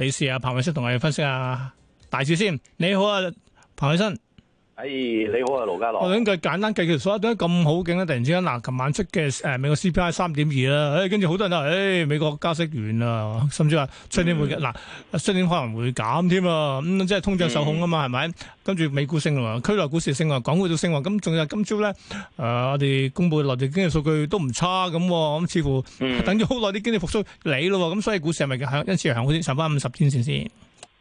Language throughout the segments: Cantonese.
你試下，彭偉生同我哋分析下，大事先。你好啊，彭偉生。哎、你好啊，盧家樂。我想計簡單計條數啊，點解咁好景咧？突然之間嗱，琴、呃、晚出嘅誒美國 CPI 三點二、哎、啦，誒跟住好多人都話誒美國加息完啦，甚至話春天會嗱、嗯、春天可能會減添啊，咁、嗯、即係通脹受控啊嘛，係咪？跟住美股升啊嘛，區內股市升啊，港股都升喎，咁仲有今朝咧誒我哋公布內地經濟數據都唔差咁，咁、哦、似乎等咗好耐啲經濟復蘇嚟咯，咁所以股市係咪一因此而行好啲，上翻五十天線先？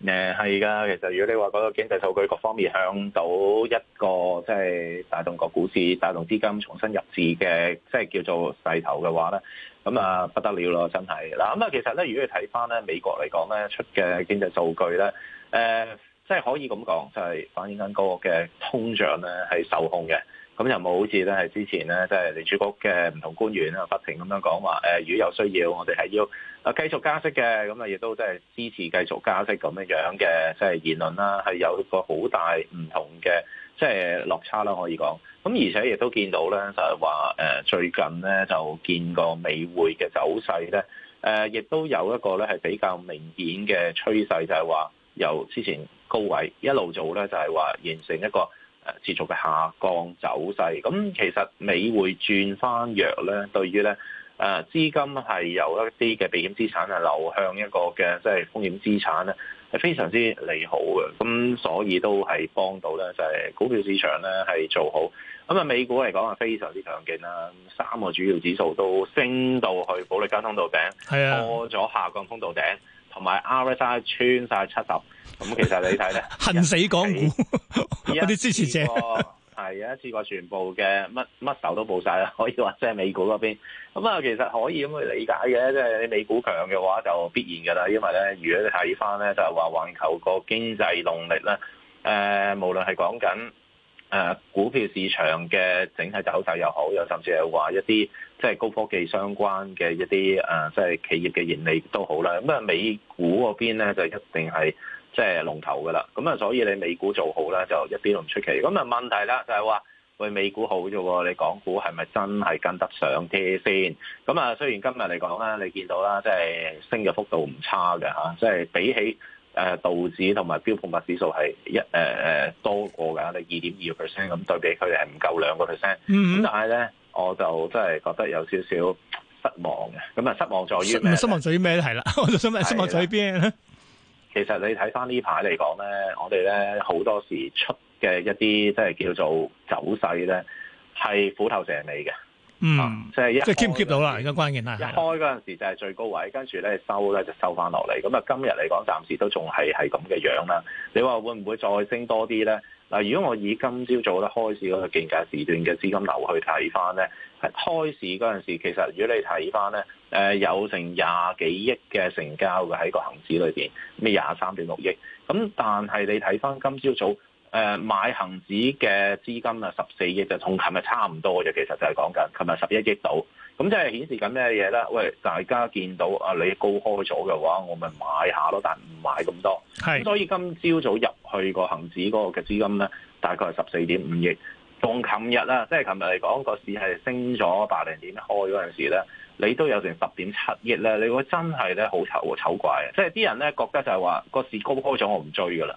誒係噶，其實如果你話嗰個經濟數據各方面向到一個即係帶動個股市、帶動資金重新入市嘅，即係叫做勢頭嘅話咧，咁啊不得了咯，真係嗱。咁啊，其實咧，如果你睇翻咧美國嚟講咧出嘅經濟數據咧，誒即係可以咁講，就係反映緊嗰個嘅通脹咧係受控嘅。咁又冇好似咧，係之前咧，即係聯儲局嘅唔同官員啦，不停咁樣講話，誒、呃，如果有需要，我哋係要繼續加息嘅，咁啊，亦都即係支持繼續加息咁樣樣嘅即係言論啦，係有一個好大唔同嘅即係落差啦，可以講。咁而且亦都見到咧，就係話誒，最近咧就見過美匯嘅走勢咧，誒、呃，亦都有一個咧係比較明顯嘅趨勢，就係話由之前高位一路做咧，就係話形成一個。持續嘅下降走勢，咁其實美匯轉翻弱咧，對於咧誒資金係由一啲嘅避險資產係流向一個嘅即係風險資產咧，係非常之利好嘅，咁所以都係幫到咧，就係、是、股票市場咧係做好。咁啊美股嚟講係非常之強勁啦，三個主要指數都升到去保歷加通道頂，破咗、啊、下降通道頂。同埋 RSI 穿晒七十，咁其實你睇咧，恨死港股！ 我啲支持者係有一次過全部嘅乜乜仇都冇晒啦，可以話即係美股嗰邊。咁啊，其實可以咁去理解嘅，即係你美股強嘅話就必然噶啦，因為咧，如果你睇翻咧，就係話環球個經濟動力咧，誒、呃，無論係講緊誒股票市場嘅整體走勢又好，又甚至係話一啲。即係高科技相關嘅一啲誒、呃，即係企業嘅盈利都好啦。咁啊，美股嗰邊咧就一定係即係龍頭㗎啦。咁啊，所以你美股做好咧，就一啲都唔出奇。咁啊，問題啦就係、是、話，喂，美股好啫喎，你港股係咪真係跟得上啲先？咁啊，雖然今日嚟講咧，你見到啦，即係升嘅幅度唔差嘅嚇，即係比起。誒道指同埋標普物指數係一誒誒、呃、多過㗎，你二點二個 percent 咁對比佢哋係唔夠兩個 percent，咁但係咧我就真係覺得有少少失望嘅，咁啊失望在於，失望在於咩咧？係啦，我就想問失望在於邊咧？ 的其實你睇翻呢排嚟講咧，我哋咧好多時出嘅一啲即係叫做走勢咧，係虎頭蛇尾嘅。嗯，即係即係 keep 唔 keep 到啦，而家關鍵啦。一開嗰陣時就係最高位，跟住咧收咧就收翻落嚟。咁啊，今日嚟講暫時都仲係係咁嘅樣啦。你話會唔會再升多啲咧？嗱，如果我以今朝早咧開始嗰個競價時段嘅資金流去睇翻咧，開市嗰陣時其實如果你睇翻咧，誒有成廿幾億嘅成交嘅喺個恆指裏邊，咩廿三點六億。咁但係你睇翻今朝早。誒買恒指嘅資金啊，十四億就同琴日差唔多嘅，其實就係講緊琴日十一億度，咁即係顯示緊咩嘢咧？喂，大家見到啊，你高開咗嘅話，我咪買下咯，但唔買咁多。係是。咁所以今朝早入去個恒指嗰個嘅資金咧，大概係十四點五億，同琴日啦，即係琴日嚟講個市係升咗八零點開嗰陣時咧，你都有成十點七億咧，你會真係咧好醜醜怪啊！即係啲人咧覺得就係話個市高開咗，我唔追噶啦。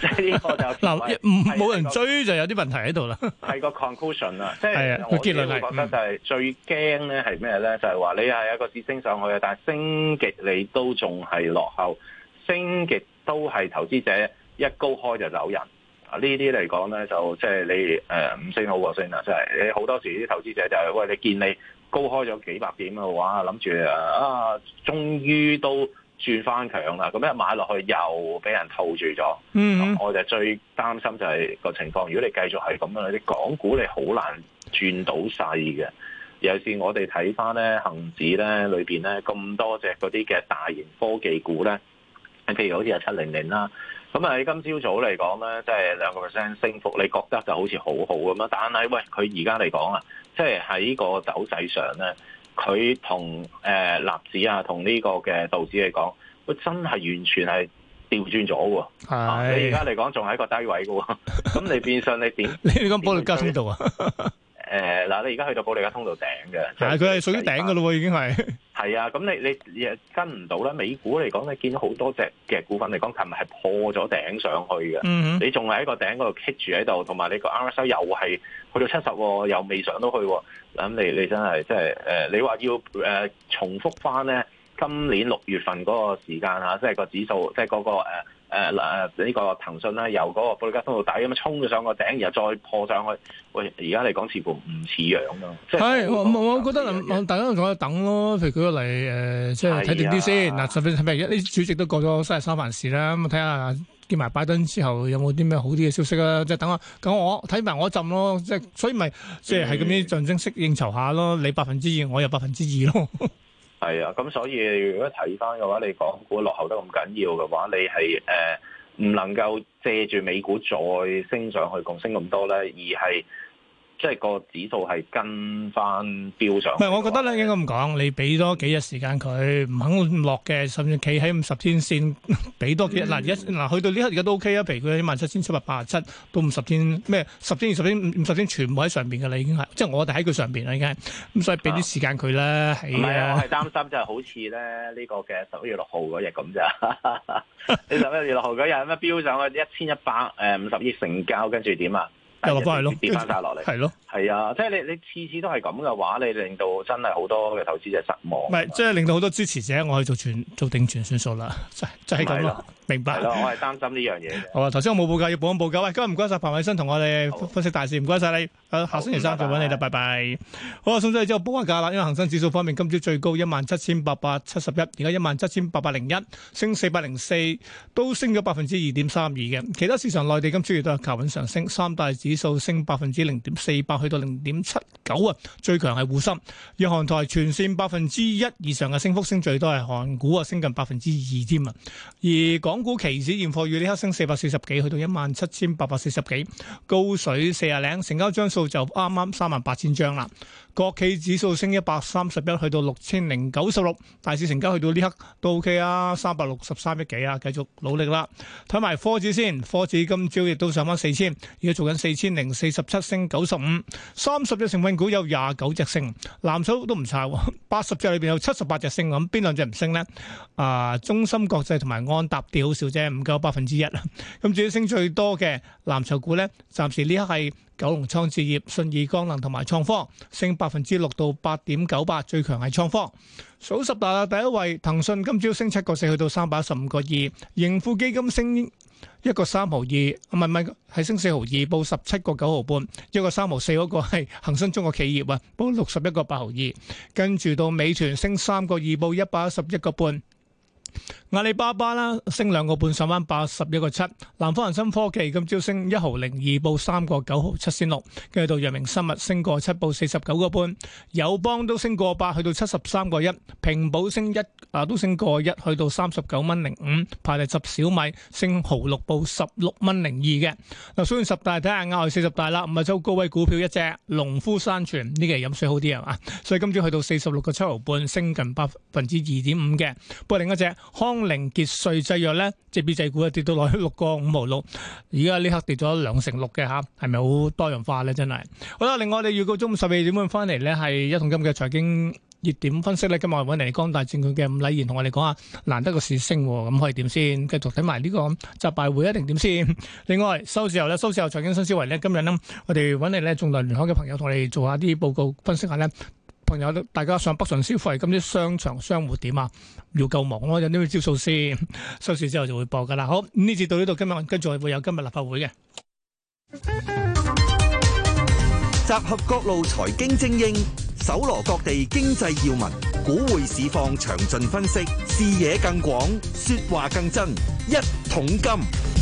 即係呢個就嗱、是，冇 沒人追 就有啲問題喺度啦。係 個 conclusion 啦 是，即係、嗯、我結論覺得就係最驚咧係咩咧？就係、是、話你係一個市升上去啊，但係升極你都仲係落後，升極都係投資者一高開就走人。啊呢啲嚟講咧就即係你誒唔升好過升啊，即、就、係、是、你好多時啲投資者就係、是、喂你見你高開咗幾百點嘅話，諗住啊終於都。啊轉翻強啦，咁一買落去又俾人套住咗，mm hmm. 我就最擔心就係個情況。如果你繼續係咁樣，你啲港股你好難轉到勢嘅。尤其是我哋睇翻咧恒指咧裏邊咧咁多隻嗰啲嘅大型科技股咧，譬如好似係七零零啦，咁喺今朝早嚟講咧，即係兩個 percent 升幅，你覺得就好似好好咁樣，但係喂，佢而家嚟講啊，即係喺個走勢上咧。佢同誒立子啊，同呢個嘅道指嚟講，佢真係完全係調轉咗喎是、啊。你而家嚟講仲係一個低位嘅喎。咁 你變相 你點？你講保歷加通道啊？誒 嗱、呃，你而家去到保歷加通道頂嘅，但係佢係屬於頂嘅咯喎， 已經係。係啊，咁你你亦跟唔到啦。美股嚟講，你見到好多隻嘅股份嚟講，琴日係破咗頂上去嘅。Mm hmm. 你仲係喺個頂嗰度棘住喺度，同埋你個 RSI 又係去到七十，哦，又未上到去，哦。咁你你真係即係誒，你話要誒重複翻咧，今年六月份嗰個時間啊，即係個指數，即係嗰，嗰個，呃誒嗱，呢個騰訊咧，由嗰個布魯加通度底咁樣衝咗上個頂，然後再破上去。喂，而家嚟講似乎唔似樣咯，即係我我覺得大家仲可以等咯，佢佢嚟誒即係睇定啲先。嗱，十分睇咩嘢？啲主席都過咗三藩市啦，咁睇下見埋拜登之後有冇啲咩好啲嘅消息啦，即係等下。咁我睇埋我一陣咯，即係所以咪即係係咁啲象徵式應酬下咯，你百分之二，我又百分之二咯。 係啊，咁、嗯、所以如果睇翻嘅話，你港股落後得咁緊要嘅話，你係誒唔能夠借住美股再升上去共升咁多咧，而係。即係個指數係跟翻標上，唔係我覺得咧應該咁講，你俾多幾日時間佢，唔肯落嘅，甚至企喺五十天線，俾多幾日嗱，而家嗱去到呢刻而家都 OK 啊，譬如佢一萬七千七百八十七到五十天咩十天二十天五十天全部喺上邊嘅啦，已經係即係我哋喺佢上邊啦，已經係咁，所以俾啲時間佢啦，係啊，啊 我係擔心就係好似咧呢個嘅十一月六號嗰日咁咋？十 一 月六號嗰日咩標上一千一百誒五十億成交，跟住點啊？又落翻去咯，跌翻晒落嚟，係咯了，係啊，啊，即係你你次次都係咁嘅話，你令到真係好多嘅投資者失望。唔係，即係令到好多支持者，我去做全做定全算數啦，就係、就係咁咯。明白，我係擔心呢樣嘢。好啊，頭先我冇報價，要報一報價。喂，今日唔該晒彭偉新同我哋分析大事，唔該晒你。下星期三再揾你啦，拜拜。好啊，送即係之後報下價啦。因為恒生指數方面，今朝最高一萬七千八百七十一，而家一萬七千八百零一，升四百零四，都升咗百分之二點三二嘅。其他市場內地今朝亦都係求穩上升，三大指數升百分之零點四八，去到零點七九啊。最強係滬深，日韓台全線百分之一以上嘅升幅，升最多係韓股啊，升近百分之二添啊。而港股期指現貨月呢一升四百四十幾，去到一萬七千八百四十幾，高水四啊零，成交張數就啱啱三萬八千張啦。國企指數升一百三十一，去到六千零九十六。大市成交去到呢刻都 OK 啊，三百六十三億幾啊，繼續努力啦。睇埋科指先，科指今朝亦都上翻四千，而家做緊四千零四十七，升九十五。三十隻成分股有廿九隻升，藍籌都唔差喎，八十隻裏邊有七十八隻升。咁邊兩隻唔升呢？啊，中芯國際同埋安踏跌好少啫，唔夠百分之一。咁至於最多嘅，藍籌股咧，暫時呢刻係九龍倉置業、信義光能同埋創科，升百分之六到八點九八，最強係創科。數十大第一位，騰訊今朝升七個四去到三百一十五個二，盈富基金升一個三毫二，唔係唔係係升四毫二，報十七個九毫半，一個三毫四嗰個係恒生中國企業啊，報六十一個八毫二，跟住到美團升三個二，報一百一十一個半。阿里巴巴啦，升兩個半，上翻八十一個七。南方恒生科技今朝升一毫零二 9, 7,，報三個九毫七仙六，跟住到藥明生物升個七，報四十九個半。友邦都升過八，去到七十三個一。平保升一，啊都升過一，去到三十九蚊零五。排第十，小米升毫六，報十六蚊零二嘅。嗱，所以十大睇下，看看外四十大啦，唔係周高位股票一隻農夫山泉，呢個係飲水好啲係嘛？所以今朝去到四十六個七毫半，升近百分之二點五嘅。不過另一隻。康寧潔瑞製藥咧，即係 B 製股啊，跌到落去六個五毛六，而家呢刻跌咗兩成六嘅吓，係咪好多元化咧？真係好啦。另外我哋預告中午十二點半翻嚟咧，係一桶金嘅財經熱點分析咧。今日揾嚟光大證券嘅伍禮賢同我哋講下難得個市升，咁可以點先？繼續睇埋呢個集敗會會一定點先？另外收市後咧，收市後財經新思維咧，今日呢，我哋揾嚟咧，中大聯開嘅朋友同我哋做下啲報告分析下咧。有大家上北上消費，咁啲商場商戶點啊？要夠忙咯，有啲咩招數先？收市之後就會播㗎喇。好，呢次到呢度，今日跟住我會有今日立法會嘅，集合各路財經精英，搜羅各地經濟要聞，股匯市況詳盡分析，視野更廣，説話更真，一桶金。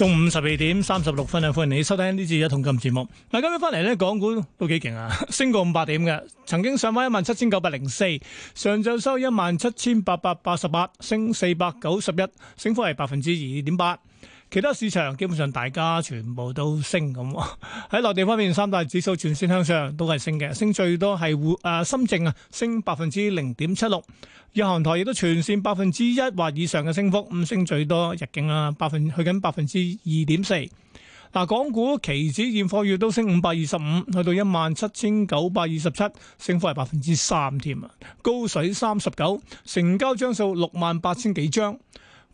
中午十二點三十六分啊，歡迎你收聽呢次一桶金節目。嗱，今日翻嚟呢，港股都幾勁啊，升過五百點嘅，曾經上翻一萬七千九百零四，上晝收一萬七千八百八十八，升四百九十一，升幅係百分之二點八。其他市場基本上，大家全部都升咁喺 內地方面，三大指數全線向上，都係升嘅，升最多係滬誒深證啊，升百分之零點七六，日韓台亦都全線百分之一或以上嘅升幅，咁升最多日經啊，百分去緊百分之二點四。嗱，港股期指現貨月都升五百二十五，去到一萬七千九百二十七，升幅係百分之三添啊，高水三十九，成交張數六萬八千幾張。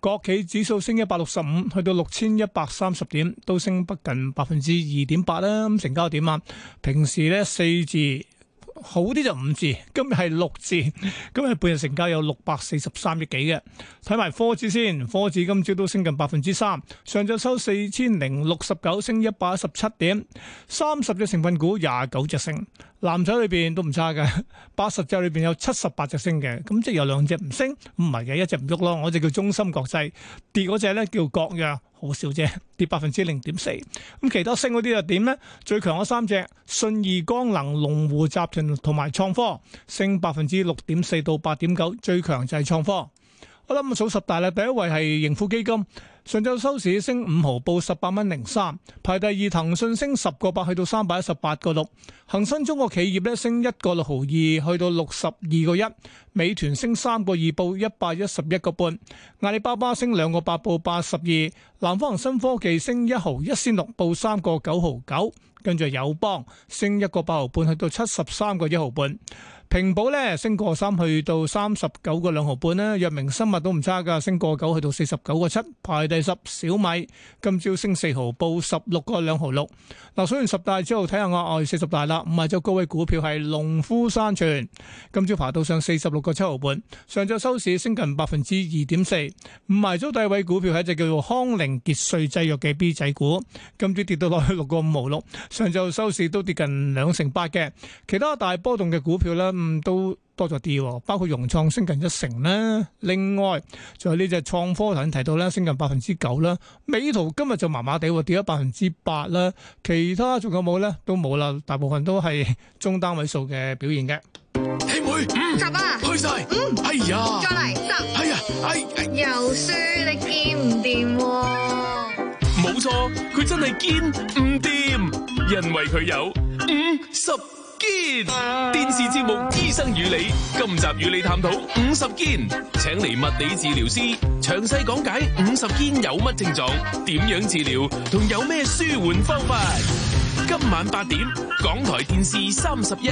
國企指數升一百六十五，去到六千一百三十點，都升不近百分之二點八啦。咁成交點啊，平時咧四字好啲就五字，今日係六字，今日半日成交有六百四十三億幾嘅。睇埋科指先，科指今朝都升近百分之三，上晝收四千零六十九，升一百一十七點，三十隻成分股廿九隻升。男仔裏邊都唔差嘅，八十隻裏邊有七十八隻升嘅，咁即係有兩隻唔升，唔係嘅，一隻唔喐咯。我就叫中芯國際跌嗰隻咧叫國藥，好少啫，跌百分之零點四。咁其他升嗰啲又點咧？最強嗰三隻，信義光能、龍湖集團同埋創科，升百分之六點四到八點九，最強就係創科。我諗咁數十大咧，第一位係盈富基金，上週收市升五毫，報十八蚊零三。排第二騰訊升十個八，去到三百一十八個六。恒生中國企業咧，升一個六毫二，去到六十二個一。美團升三個二，報一百一十一個半。阿里巴巴升兩個八，報八十二。南方恒生科技升一毫一先六，報三個九毫九。跟住友邦升一個八毫半，去到七十三個一毫半。平保咧升過三去到三十九個兩毫半啦，藥明生物都唔差噶，升過九去到四十九個七，排第十。小米今朝升四毫，報十六個兩毫六。嗱，數完十大之後，睇下額外四十大啦。五位最高位股票係農夫山泉，今朝爬到上四十六個七毫半，上晝收市升近百分之二點四。五位最低位股票係一隻叫做康寧杰瑞製藥嘅 B 仔股，今朝跌到落去六個五毫六，上晝收市都跌近兩成八嘅。其他大波動嘅股票啦。嗯，都多咗啲，包括融創升近一成啦。另外，就係呢隻創科頭先提到咧，升近百分之九啦。美圖今日就麻麻地跌咗百分之八啦。其他仲有冇咧？都冇啦，大部分都係中單位數嘅表現嘅。兄妹，五十啊，去晒，嗯，哎呀，再嚟，十，哎呀，哎，又輸，你堅唔掂？冇錯，佢真係堅唔掂，因為佢有五十。電視節目《醫生與你》，今集與你探討五十肩，請嚟物理治療師詳細講解五十肩有乜症狀、點樣治療同有咩舒緩方法。今晚八點，港台電視三十一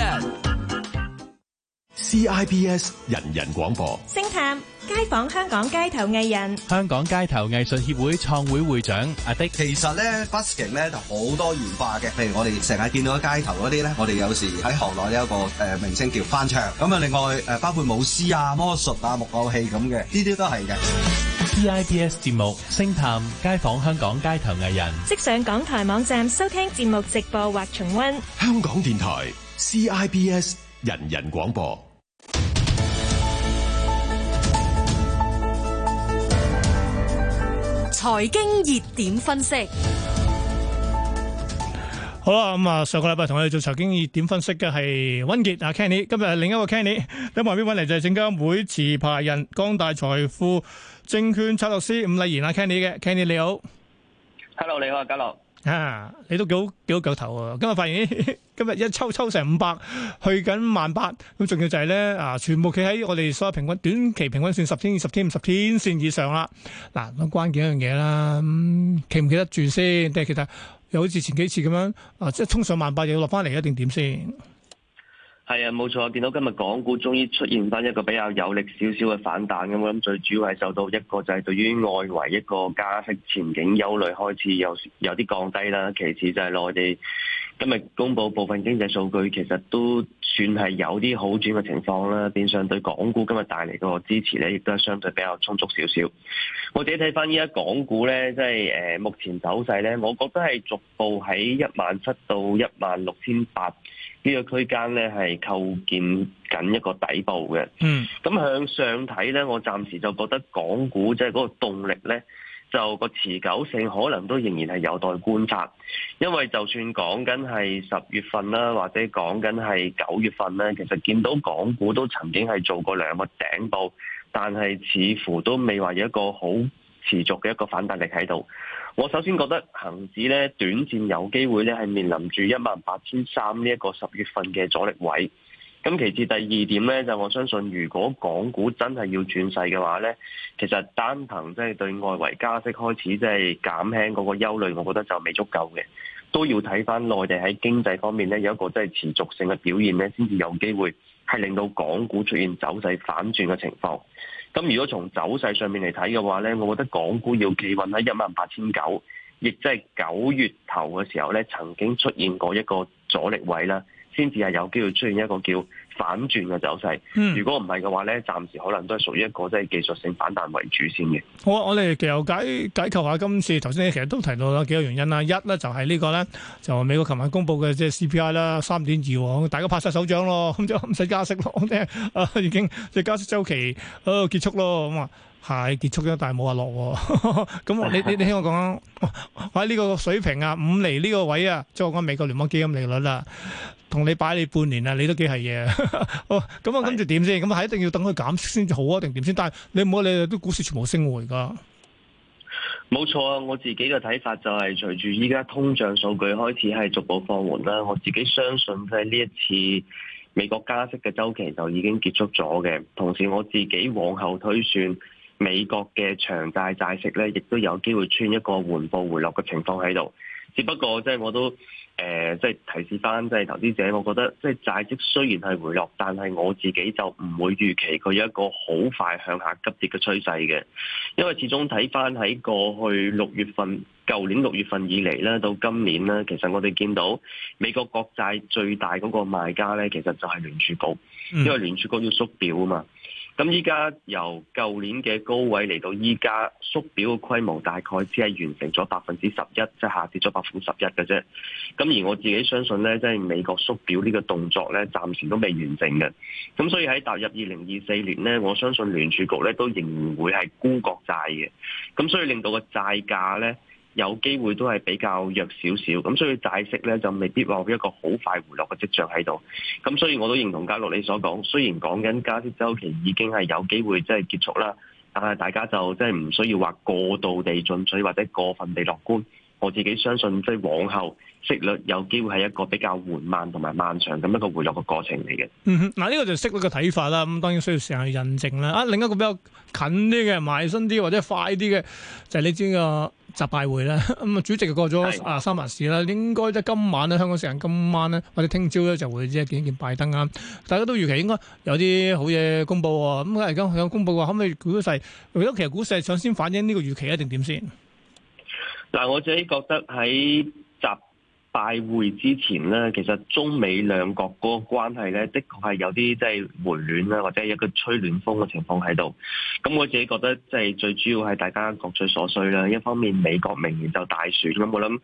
，CIBS 人人廣播。星探。街訪香港街頭藝人，香港街頭藝術協會創會會長阿迪，其實咧，busking 咧就好多元化嘅，譬如我哋成日見到街頭嗰啲咧，我哋有時喺行內有一個誒、呃、名稱叫翻唱，咁啊，另外誒包括舞獅啊、魔術啊、木偶戲咁嘅，呢啲都係嘅。CIBS 節目《星探街訪香港街頭藝人》，即上港台網站收聽節目直播或重溫。香港電台 CIBS 人人廣播。財經熱點分析，好啦，咁啊，上個禮拜同我哋做財經熱點分析嘅係温傑阿 Kenny 今日係另一個 Kenny，喺旁邊揾嚟就係證監會持牌人光大財富證券策略師伍麗賢阿 Kenny 嘅 Kenny 你好，Hello，你好，嘉樂。啊！你都幾好幾好夠頭啊！今日發現，哎、今日一抽抽成五百，去緊萬八，咁仲要就係咧啊，全部企喺我哋所有平均短期平均線十天、二十天、五十天線以上啦。嗱、啊，咁關鍵一樣嘢啦，咁企唔企得住先？即係其實又好似前幾次咁樣啊，即係衝上萬八又要落翻嚟一定點先？係啊，冇錯啊！我見到今日港股終於出現翻一個比較有力少少嘅反彈咁，我諗最主要係受到一個就係對於外圍一個加息前景憂慮開始有有啲降低啦。其次就係內地。今日公布部分經濟數據，其實都算係有啲好轉嘅情況啦，變相對港股今日帶嚟個支持咧，亦都係相對比較充足少少。我自己睇翻依家港股咧，即係誒目前走勢咧，我覺得係逐步喺一萬七到一萬六千八呢個區間咧，係構建緊一個底部嘅。嗯，咁向上睇咧，我暫時就覺得港股即係嗰個動力咧。就個持久性可能都仍然係有待觀察，因為就算講緊係十月份啦，或者講緊係九月份咧，其實見到港股都曾經係做過兩個頂部，但係似乎都未話有一個好持續嘅一個反彈力喺度。我首先覺得恒指咧，短線有機會咧，係面臨住一萬八千三呢一個十月份嘅阻力位。咁其次第二點咧，就我相信，如果港股真係要轉勢嘅話咧，其實單憑即係對外圍加息開始即係減輕嗰個憂慮，我覺得就未足夠嘅，都要睇翻內地喺經濟方面咧有一個即係持續性嘅表現咧，先至有機會係令到港股出現走勢反轉嘅情況，咁如果從走勢上面嚟睇嘅話咧，我覺得港股要企穩喺一萬八千九，亦即係九月頭嘅時候咧，曾經出現過一個阻力位啦。先至係有機會出現一個叫反轉嘅走勢。如果唔係嘅話咧，暫時可能都係屬於一個即係技術性反彈為主先嘅。好啊，我哋其後解解構下今次頭先，你其實都提到啦幾個原因啦。一咧就係呢個咧，就美國琴晚公布嘅即係 CPI 啦，三點二，大家拍晒手掌咯，咁就唔使加息咯。我聽啊，已經即係加息週期啊結束咯咁啊。係結束咗，但冇下落。咁、 嗯、你你你聽我講，喺呢個水平啊，五厘呢個位啊，即係我講美國聯邦基金利率啦、啊，同你擺你半年啊，你都幾係嘢。咁我跟住點先？咁、嗯、係是、嗯嗯、一定要等佢減息先好啊，定點先？但係你唔好理，都股市全部升回噶。冇錯啊！我自己嘅睇法就係，隨住依家通脹數據開始係逐步放緩啦。我自己相信喺呢一次美國加息嘅周期就已經結束咗嘅。同時，我自己往後推算。美國嘅長債債息咧，亦都有機會穿一個緩步回落嘅情況喺度。只不過即係我都誒、呃，即係提示翻即係投資者，我覺得即係債息雖然係回落，但係我自己就唔會預期佢有一個好快向下急跌嘅趨勢嘅。因為始終睇翻喺過去六月份、舊年六月份以嚟咧，到今年咧，其實我哋見到美國國債最大嗰個賣家咧，其實就係聯儲局，因為聯儲局要縮表啊嘛。咁依家由舊年嘅高位嚟到依家縮表嘅規模，大概只係完成咗百分之十一，即係下跌咗百分之十一嘅啫。咁而我自己相信咧，即係美國縮表呢個動作咧，暫時都未完成嘅。咁所以喺踏入二零二四年咧，我相信聯儲局咧都仍然會係沽國債嘅。咁所以令到個債價咧，有機會都係比較弱少少，咁所以債息咧就未必話一個好快回落嘅跡象喺度。咁所以我都認同嘉樂你所講，雖然講緊加息周期已經係有機會即係結束啦，但係大家就即係唔需要話過度地進取或者過分地樂觀。我自己相信，即係往後息率有機會係一個比較緩慢同埋漫長咁一個回落嘅過程嚟嘅。嗱呢、嗯哼，呢個就息率嘅睇法啦。咁當然需要時間去印證啦。啊，另一個比較近啲嘅、埋身啲或者快啲嘅，就係、是、你知個。習拜會啦，咁啊主席就過咗啊三藩市啦，的應該即係今晚咧，香港時間今晚咧或者聽朝咧就會即係見一見拜登啦。大家都預期應該有啲好嘢公布喎，咁而家公布啊？可唔可以估市？如果其實股市係想先反映呢個預期一定點先？嗱，我自己覺得喺。拜會之前咧，其實中美兩國嗰個關係咧，的確係有啲即係回暖啦，或者一個吹暖風嘅情況喺度。咁我自己覺得，即係最主要係大家各取所需啦。一方面，美國明年就大選，咁我諗，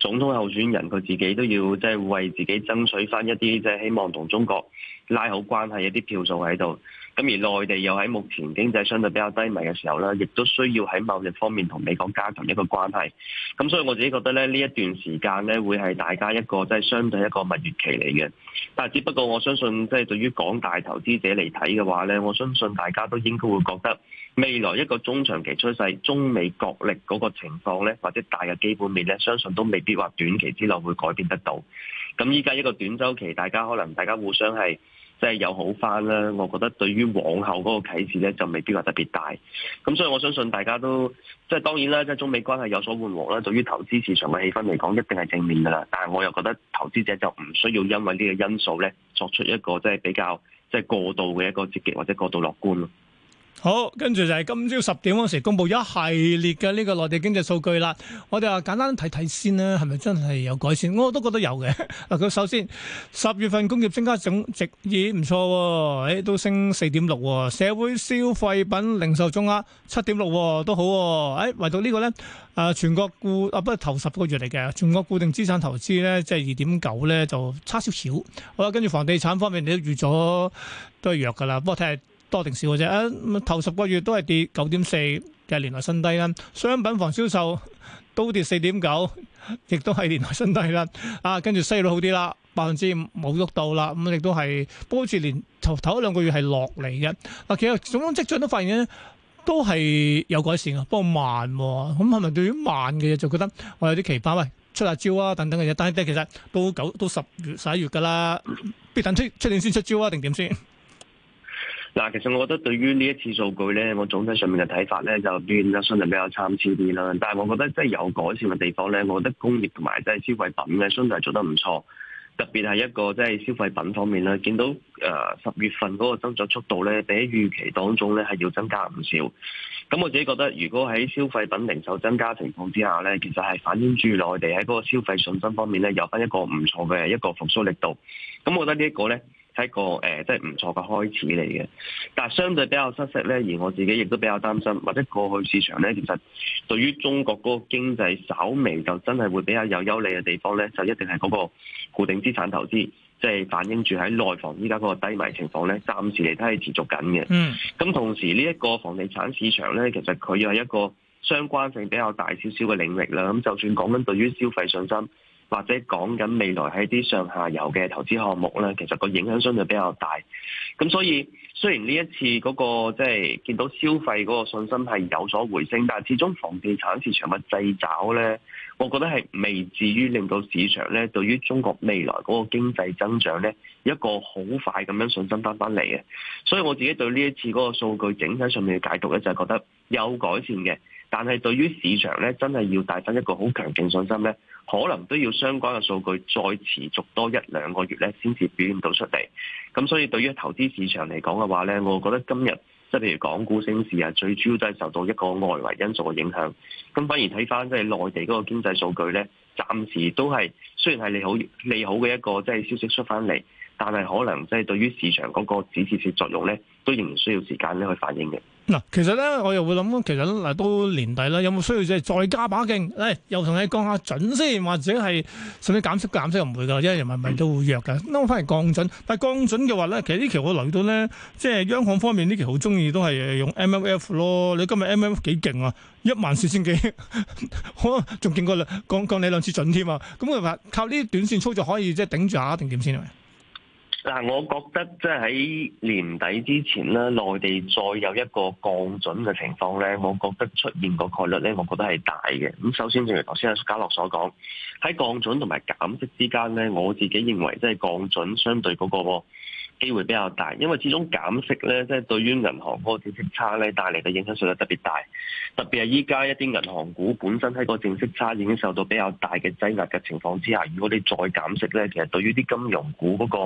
總統候選人佢自己都要即係為自己爭取返一啲即係希望同中國拉好關係一啲票數喺度，咁而內地又喺目前經濟相對比較低迷嘅時候咧，亦都需要喺貿易方面同美國加強一個關係，咁所以我自己覺得咧，呢一段時間咧會係大家一個即係、就是、相對一個蜜月期嚟嘅，但係只不過我相信即係對於廣大投資者嚟睇嘅話咧，我相信大家都應該會覺得。未來一個中長期趨勢，中美角力嗰個情況呢，或者大嘅基本面呢，相信都未必話短期之內會改變得到。咁依家一個短周期，大家可能大家互相係即係有好翻啦。我覺得對於往後嗰個啟示呢，就未必話特別大。咁所以我相信大家都即係、就是、當然啦，即、就、係、是、中美關係有所緩和啦。對於投資市場嘅氣氛嚟講，一定係正面㗎啦。但係我又覺得投資者就唔需要因為呢個因素呢，作出一個即係比較即係、就是、過度嘅一個積極或者過度樂觀咯。好，跟住就係今朝十點嗰時公布一系列嘅呢個內地經濟數據啦。我哋話簡單睇睇先啦、啊，係咪真係有改善？我都覺得有嘅。嗱，佢首先十月份工業增加總值已唔錯、哦，誒都升四點六。社會消費品零售總額七點六都好、哦。誒，唯獨呢個咧，誒全國固啊，不係頭十個月嚟嘅，全國固定資產投資咧即係二點九咧就差少少。好啦，跟住房地產方面你，你都預咗都係弱噶啦，不過睇下，多定少嘅啫，啊、嗯，頭十個月都係跌九點四，嘅連年來新低啦。商品房銷售都跌四點九，亦都係連年來新低啦。啊，跟住息率好啲啦，百分之冇喐到啦，咁、嗯、亦都係，好似連頭頭一兩個月係落嚟嘅。啊，其實總總跡象都發現咧，都係有改善啊，不過慢、啊。咁係咪對於慢嘅嘢就覺得我有啲奇葩，喂，出下招啊，等等嘅嘢。但係但係其實都九都十月十一月噶啦，必等出出年先出招啊，定點先。嗱，其實我覺得對於呢一次數據咧，我總體上面嘅睇法咧就變得相對比較參差啲啦。但係我覺得即係有改善嘅地方咧，我覺得工業同埋即係消費品咧相對係做得唔錯。特別係一個即係消費品方面啦，見到誒十月份嗰個增長速度咧，比預期當中咧係要增加唔少。咁我自己覺得，如果喺消費品零售增加情況之下咧，其實係反映住內地喺嗰個消費信心方面咧有翻一個唔錯嘅一個復甦力度。咁我覺得呢一個咧。係一個誒，即係唔錯嘅開始嚟嘅。但係相對比較失色咧，而我自己亦都比較擔心，或者過去市場咧，其實對於中國嗰個經濟稍微就真係會比較有優利嘅地方咧，就一定係嗰個固定資產投資，即係反映住喺內房而家嗰個低迷情況咧，暫時嚟都係持續緊嘅。嗯。咁同時呢一個房地產市場咧，其實佢又係一個相關性比較大少少嘅領域啦。咁就算講緊對於消費信心。或者講緊未來喺啲上下游嘅投資項目咧，其實個影響相對比較大。咁所以雖然呢一次嗰、嗰個即係見到消費嗰個信心係有所回升，但係始終房地產市場嘅掣肘咧，我覺得係未至於令到市場咧對於中國未來嗰個經濟增長咧一個好快咁樣信心返返嚟嘅。所以我自己對呢一次嗰個數據整體上面嘅解讀咧，就係、覺得有改善嘅。但係對於市場咧，真係要帶翻一個好強勁信心咧，可能都要相關嘅數據再持續多一兩個月咧，先至表現到出嚟。咁所以對於投資市場嚟講嘅話咧，我覺得今日即係譬如港股升市啊，最主要都係受到一個外圍因素嘅影響。咁反而睇翻即係內地嗰個經濟數據咧，暫時都係雖然係利好利好嘅一個即係消息出翻嚟。但係可能即係對於市場嗰個指示性作用咧，都仍然需要時間咧去反映嘅。嗱，其實咧，我又會諗，其實嗱到年底喇，有冇需要再再加把勁？誒、哎，又同你降下準先，或者係甚至減息嘅減息又唔會㗎，因為人民幣都會弱㗎。拉翻嚟降準，但係降準嘅話咧，其實呢期我留意到咧，即係央行方面呢期好中意都係用 MLF、MM、咯。你今日 MLF 幾勁啊？一萬四千幾，呵， 仲勁過降降你兩次準添啊！咁佢話靠呢啲短線操作可以即係頂住下定點先。嗱，我覺得即係喺年底之前咧，內地再有一個降準嘅情況咧，我覺得出現個概率咧，我覺得係大嘅。咁首先正如頭先阿嘉樂所講，喺降準同埋減息之間咧，我自己認為即係降準相對嗰個。機會比較大，因為始終減息咧，即係對於銀行嗰個淨息差咧，帶嚟嘅影響，實在特別大。特別係依家一啲銀行股本身喺個淨息差已經受到比較大嘅擠壓嘅情況之下，如果你再減息咧，其實對於啲金融股嗰個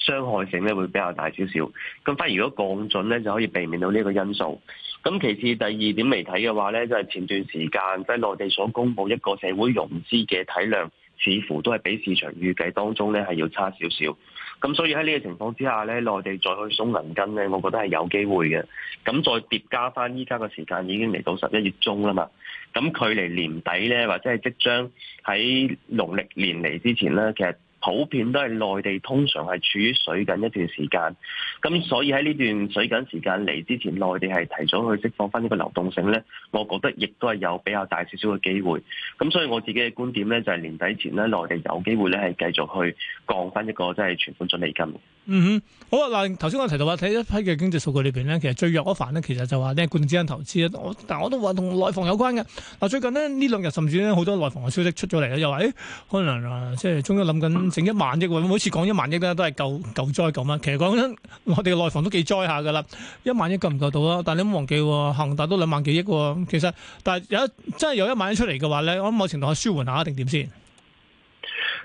傷害性咧會比較大少少。咁反而如果降準咧，就可以避免到呢一個因素。咁其次第二點嚟睇嘅話咧，就係、是、前段時間即係內地所公布一個社會融資嘅體量，似乎都係比市場預計當中咧係要差少少。咁所以喺呢個情況之下咧，內地再去鬆銀根咧，我覺得係有機會嘅。咁再疊加返依家個時間已經嚟到十一月中啦嘛，咁距離年底咧，或者係即將喺農曆年嚟之前咧，其實。普遍都係內地，通常係處於水緊一段時間。咁所以喺呢段水緊時間嚟之前，內地係提早去釋放翻呢個流動性咧，我覺得亦都係有比較大少少嘅機會。咁所以我自己嘅觀點咧、就是，就係年底前咧，內地有機會咧係繼續去降翻一個即係存款準備金。嗯哼，好啊！嗱，頭先我提到話睇一批嘅經濟數據裏邊咧，其實最弱嗰份咧，其實就話咧固定資產投資咧，我但係我都話同內房有關嘅。嗱，最近呢，呢兩日甚至咧好多內房嘅消息出咗嚟咧，又話誒可能啊，即係中央諗緊。 成一萬億，每次講一萬億咧都係救救災救乜。其實講緊，我哋內房都幾災下噶啦，一萬億夠唔夠到啊？但你唔忘記，恒大都兩萬幾億喎。其實，但係有一真係有一萬億出嚟嘅話咧，我諗某程度係舒緩一下一定點先。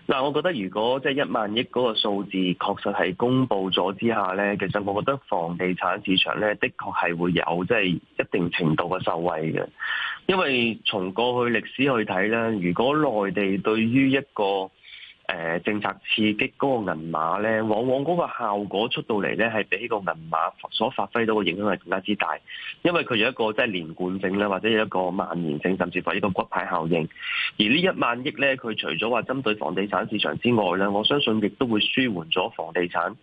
嗱、嗯，我覺得如果即係一萬億嗰個數字確實係公布咗之下咧，其實我覺得房地產市場咧的確係會有即係一定程度嘅受惠嘅，因為從過去歷史去睇咧，如果內地對於一個誒、呃、政策刺激嗰個銀碼咧，往往嗰個效果出到嚟呢，係比起個銀碼所發揮到嘅影響係更加之大，因為佢有一個即係連貫性啦，或者有一個蔓延性，甚至乎一個骨牌效應。而呢一萬億呢，佢除咗話針對房地產市場之外呢，我相信亦都會舒緩咗房地產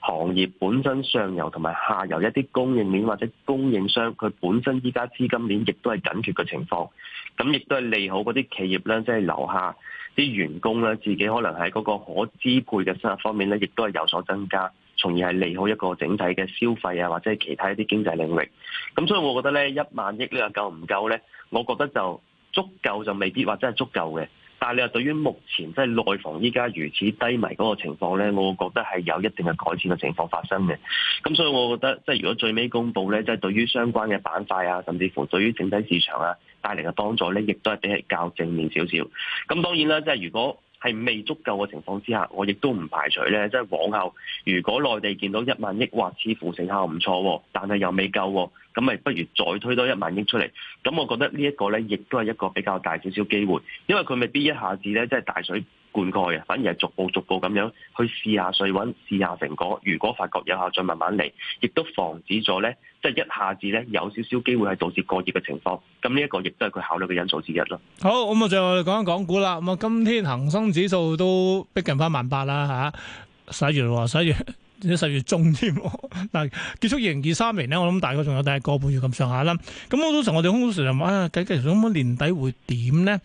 行業本身上游同埋下游一啲供應鏈或者供應商，佢本身依家資金鏈亦都係緊缺嘅情況，咁亦都係利好嗰啲企業呢，即係留下。啲員工咧，自己可能喺嗰個可支配嘅收入方面咧，亦都係有所增加，從而係利好一個整體嘅消費啊，或者係其他一啲經濟領域。咁所以，我覺得咧，一萬億呢個夠唔夠咧？我覺得就足夠就未必話真係足夠嘅。但係你話對於目前即係內房依家如此低迷嗰個情況咧，我覺得係有一定嘅改善嘅情況發生嘅。咁所以，我覺得即係如果最尾公布咧，即係對於相關嘅板塊啊，甚至乎對於整體市場啊。帶嚟嘅幫助呢，亦都係比較正面少少。咁當然啦，即係如果係未足夠嘅情況之下，我亦都唔排除呢。即係往後如果內地見到一萬億或似乎成效唔錯，但係又未夠喎，咁咪不如再推多一萬億出嚟。咁我覺得呢一個呢，亦都係一個比較大少少機會，因為佢未必一下子呢，即係大水灌溉嘅，反而係逐步逐步咁樣去試下水溫，試下成果。如果發覺有效，再慢慢嚟，亦都防止咗咧，即係一下子咧有少少機會係導致過熱嘅情況。咁呢一個亦都係佢考慮嘅因素之一咯。好，咁啊，最後嚟講一講股啦。咁啊，今天恒生指數都逼近翻萬八啦，吓、啊，十一月，月，十一月，即係十一月中添。嗱， 結束二零二三年咧，我諗大概仲有第二個半月咁上下啦。咁好多時我哋空時就話啊，計計咁乜年底會點咧？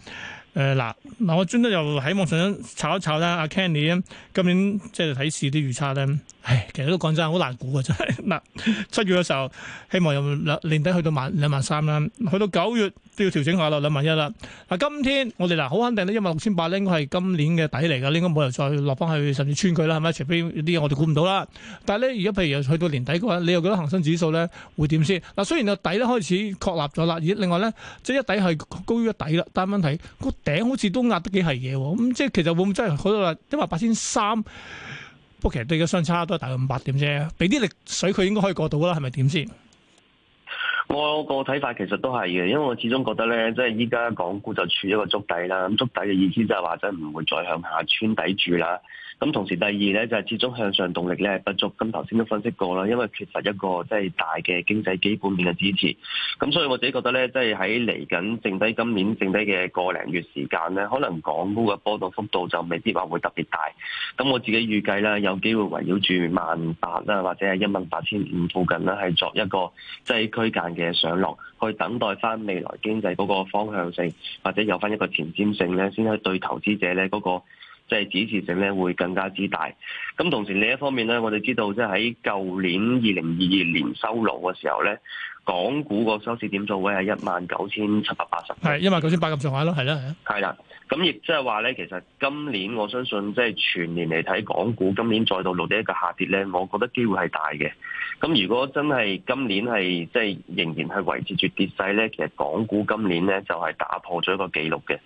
誒嗱嗱，我專登又喺網上邊炒一炒啦，阿、啊、Kenny 今年即係睇市啲預測咧，唉，其實都講真，好難估嘅真係。嗱、啊，七月嘅時候，希望又兩年底去到萬兩萬三啦，去到九月都要調整下啦，兩萬一啦。嗱、啊，今天我哋嗱好肯定咧，一萬六千八咧應該係今年嘅底嚟㗎，應該冇理由再落翻去甚至穿佢啦，係咪？除非啲嘢我哋估唔到啦。但係咧，而家譬如又去到年底嘅話，你又覺得恒生指數咧會點先？嗱、啊，雖然個底咧開始確立咗啦，而另外咧即係一底係高於一底啦，但係問題頂好似都壓得幾係嘢喎，咁即係其實會唔會真係好多啦？因為八千三，不過其實對家相差都係大概五百點啫，俾啲力水佢應該可以過到啦，係咪點先？我個睇法其實都係嘅，因為我始終覺得咧，即係依家港股就處一個築底啦。咁築底嘅意思就係話，真唔會再向下穿底住啦。咁同時，第二咧就係始終向上動力咧係不足。咁頭先都分析過啦，因為缺乏一個即係大嘅經濟基本面嘅支持。咁所以我自己覺得咧，即係喺嚟緊剩低今年剩低嘅個零月時間咧，可能港股嘅波動幅度就未必話會特別大。咁我自己預計咧，有機會圍繞住萬八啦，或者係一萬八千五附近啦，係作一個即係區間。嘅上落，去等待翻未來經濟嗰個方向性，或者有翻一個前瞻性咧，先去對投資者咧嗰個即係指示性咧會更加之大。咁同時另一方面咧，我哋知道即係喺舊年二零二二年收爐嘅時候咧。港股個收市點數位係一萬九千七百八十，係一萬九千八咁上下咯，係啦，係啦。咁亦即係話咧，其實今年我相信即係全年嚟睇港股，今年再度錄得一個下跌咧，我覺得機會係大嘅。咁如果真係今年係即係仍然係維持住跌勢咧，其實港股今年咧就係打破咗一個記錄嘅。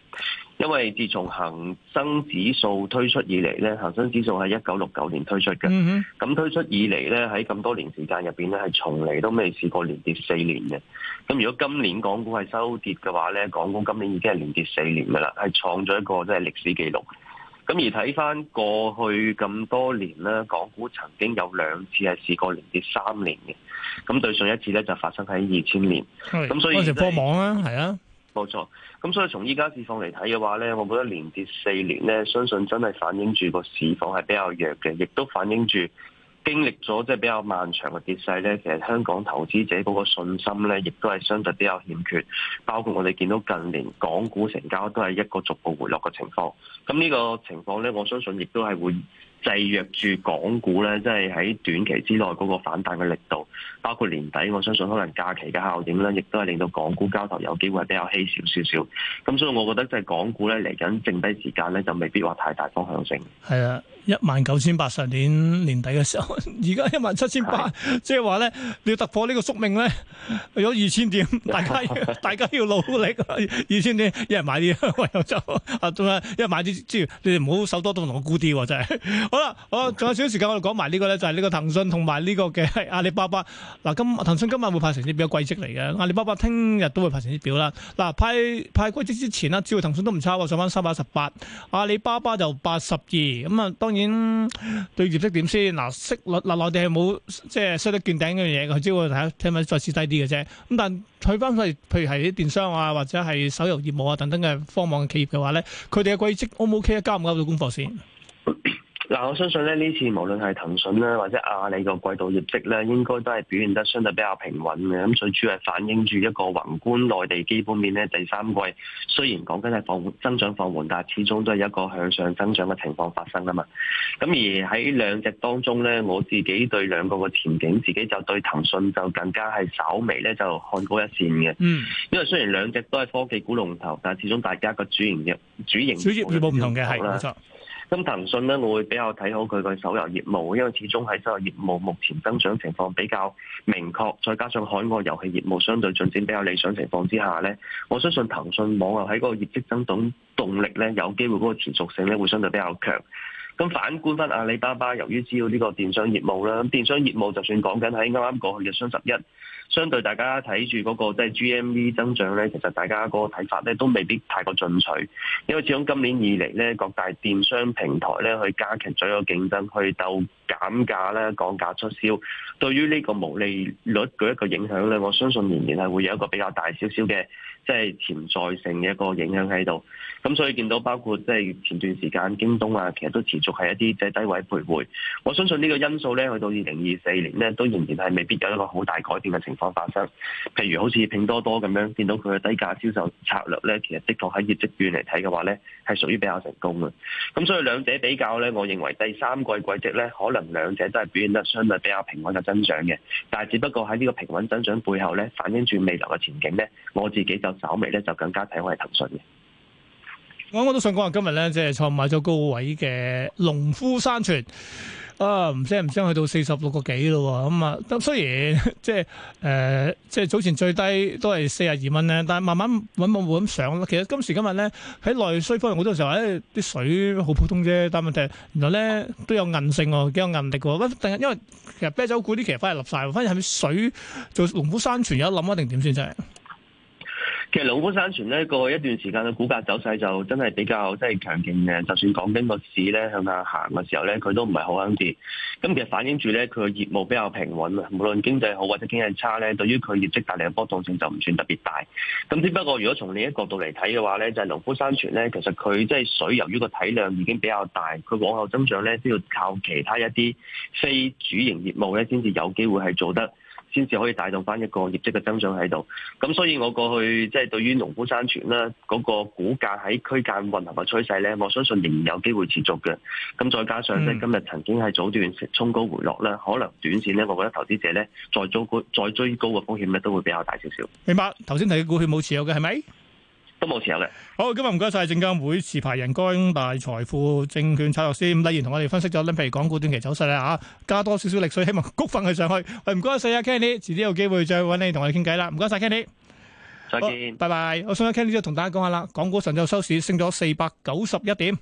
因為自從恆生指數推出以嚟咧，恆生指數係一九六九年推出嘅，咁、嗯、哼推出以嚟咧，喺咁多年時間入邊咧，係從嚟都未試過連跌四年嘅。咁如果今年港股係收跌嘅話咧，港股今年已經係連跌四年噶啦，係創咗一個即係歷史記錄。咁而睇翻過去咁多年咧，港股曾經有兩次係試過連跌三年嘅。咁對上一次咧就發生喺二千年，咁、嗯、所以即係波網啦，係啊。冇錯，咁所以從依家市況嚟睇嘅話咧，我覺得連跌四年咧，相信真係反映住個市況係比較弱嘅，亦都反映住經歷咗即係比較漫長嘅跌勢咧，其實香港投資者嗰個信心咧，亦都係相對比較欠缺，包括我哋見到近年港股成交都係一個逐步回落嘅情況，咁呢個情況咧，我相信亦都係會，制約住港股咧，即係喺短期之內嗰個反彈嘅力度，包括年底我相信可能假期嘅效應咧，亦都係令到港股交投有機會比較稀少少少，咁所以我覺得即係港股咧嚟緊剩低時間咧，就未必話太大方向性。係啊。一萬九千八，上年年底嘅時候，而家一萬七千八，即係話咧，你要突破呢個宿命咧，有二千點，大家要 大家要努力，二千點一人買啲，唯有就啊，一係買啲，即係你哋唔好手多動同我估啲，真係。好啦，仲有少少時間，我哋講埋呢個咧，就係、是、呢個騰訊同埋呢個嘅阿里巴巴。嗱，今騰訊今晚會派成績表，季績嚟嘅，阿里巴巴聽日都會派成績表啦。嗱，派派季績之前咧，只要騰訊都唔差喎，上翻三百一十八，阿里巴巴就八十二。咁啊，當當然對業績點先嗱，息率嗱內地係冇即係識得見頂嘅嘢佢只會睇下，聽咪再次低啲嘅啫。咁但佢翻去，譬如係啲電商啊，或者係手遊業務啊等等嘅科網企業嘅話咧，佢哋嘅季績 O 唔 O K 啊，交唔交到功課先。嗱，我相信咧呢次無論係騰訊咧或者阿里個季度業績咧，應該都係表現得相對比較平穩嘅。咁最主要反映住一個宏觀內地基本面咧，第三季雖然講緊係放增長放緩，但係始終都係一個向上增長嘅情況發生㗎嘛。咁而喺兩隻當中咧，我自己對兩個嘅前景，自己就對騰訊就更加係稍微咧就看高一線嘅。嗯，因為雖然兩隻都係科技股龍頭，但係始終大家個主營業主營主業業務唔同嘅，係冇錯。咁騰訊咧，我會比較睇好佢個手遊業務，因為始終喺手遊業務目前增長情況比較明確，再加上海外遊戲業務相對進展比較理想情況之下咧，我相信騰訊網遊喺嗰個業績增長動力咧，有機會嗰個持續性咧會相對比較強。咁反觀返阿里巴巴，由於知道呢個電商業務啦，咁電商業務就算講緊喺啱啱過去嘅雙十一。相對大家睇住嗰個即係 GMV 增長咧，其實大家嗰個睇法咧都未必太過進取，因為始終今年以嚟咧，各大電商平台咧去加強咗個競爭，去鬥減價啦、降價促銷，對於呢個毛利率嗰一個影響咧，我相信仍然係會有一個比較大少少嘅即係潛在性嘅一個影響喺度。咁所以見到包括即係前段時間京東啊，其實都持續係一啲即係低位徘徊。我相信呢個因素咧，去到二零二四年咧，都仍然係未必有一個好大改變嘅情發生，譬如好似拼多多咁樣，見到佢嘅低價銷售策略呢，其實的確喺業績面嚟睇嘅話呢，係屬於比較成功嘅。咁所以兩者比較呢，我認為第三季季績呢，可能兩者都係表現得相對比較平穩嘅增長嘅。但係只不過喺呢個平穩增長背後呢，反映住未來嘅前景呢，我自己就稍微呢，就更加睇好係騰訊嘅。我我都想講下今日呢，即係創買咗高位嘅農夫山泉。啊，唔知唔知去到四十六個幾咯咁啊！咁、嗯、雖然即係誒，即、嗯、係早前最低都係四十二蚊咧，但係慢慢穩冇冇咁上咯。其實今時今日咧，喺內需方面好多時候誒，啲水好普通啫，但係問題，原來咧都有韌性喎，幾有韌力喎。咁但係因為其實啤酒股啲其實反而立晒，反而係咪水做農夫山泉有一諗啊？定點先真係？其實農夫山泉咧過去一段時間嘅股價走勢就真係比較即係強勁嘅，就算講緊個市咧向下行嘅時候咧，佢都唔係好肯跌。咁其實反映住咧佢嘅業務比較平穩啊，無論經濟好或者經濟差咧，對於佢業績帶嚟嘅波動性就唔算特別大。咁只不過如果從另一角度嚟睇嘅話咧，就係農夫山泉咧，其實佢即係水，由於個體量已經比較大，佢往後增長咧都要靠其他一啲非主營業務咧先至有機會係做得。先至可以帶動翻一個業績嘅增長喺度，咁所以我過去即係、就是、對於農夫山泉啦嗰個股價喺區間運行嘅趨勢咧，我相信仍然有機會持續嘅。咁再加上咧，今日曾經係早段衝高回落啦，可能短線咧，我覺得投資者咧再追高再追高嘅風險咧，都會比較大少少。明白，頭先係股票冇持有嘅係咪？都冇持有嘅。好，今日唔該晒，證監會持牌人江大財富證券策略師咁，例如同我哋分析咗譬如港股短期走勢咧嚇，加多少少力水，希望谷返佢上去。唔該晒啊，Kenny，遲啲有機會再揾你同我哋傾偈啦。唔該晒，Kenny。再見，拜拜。我送咗 Kenny 之後同大家講下啦，港股上晝收市升咗四百九十一點。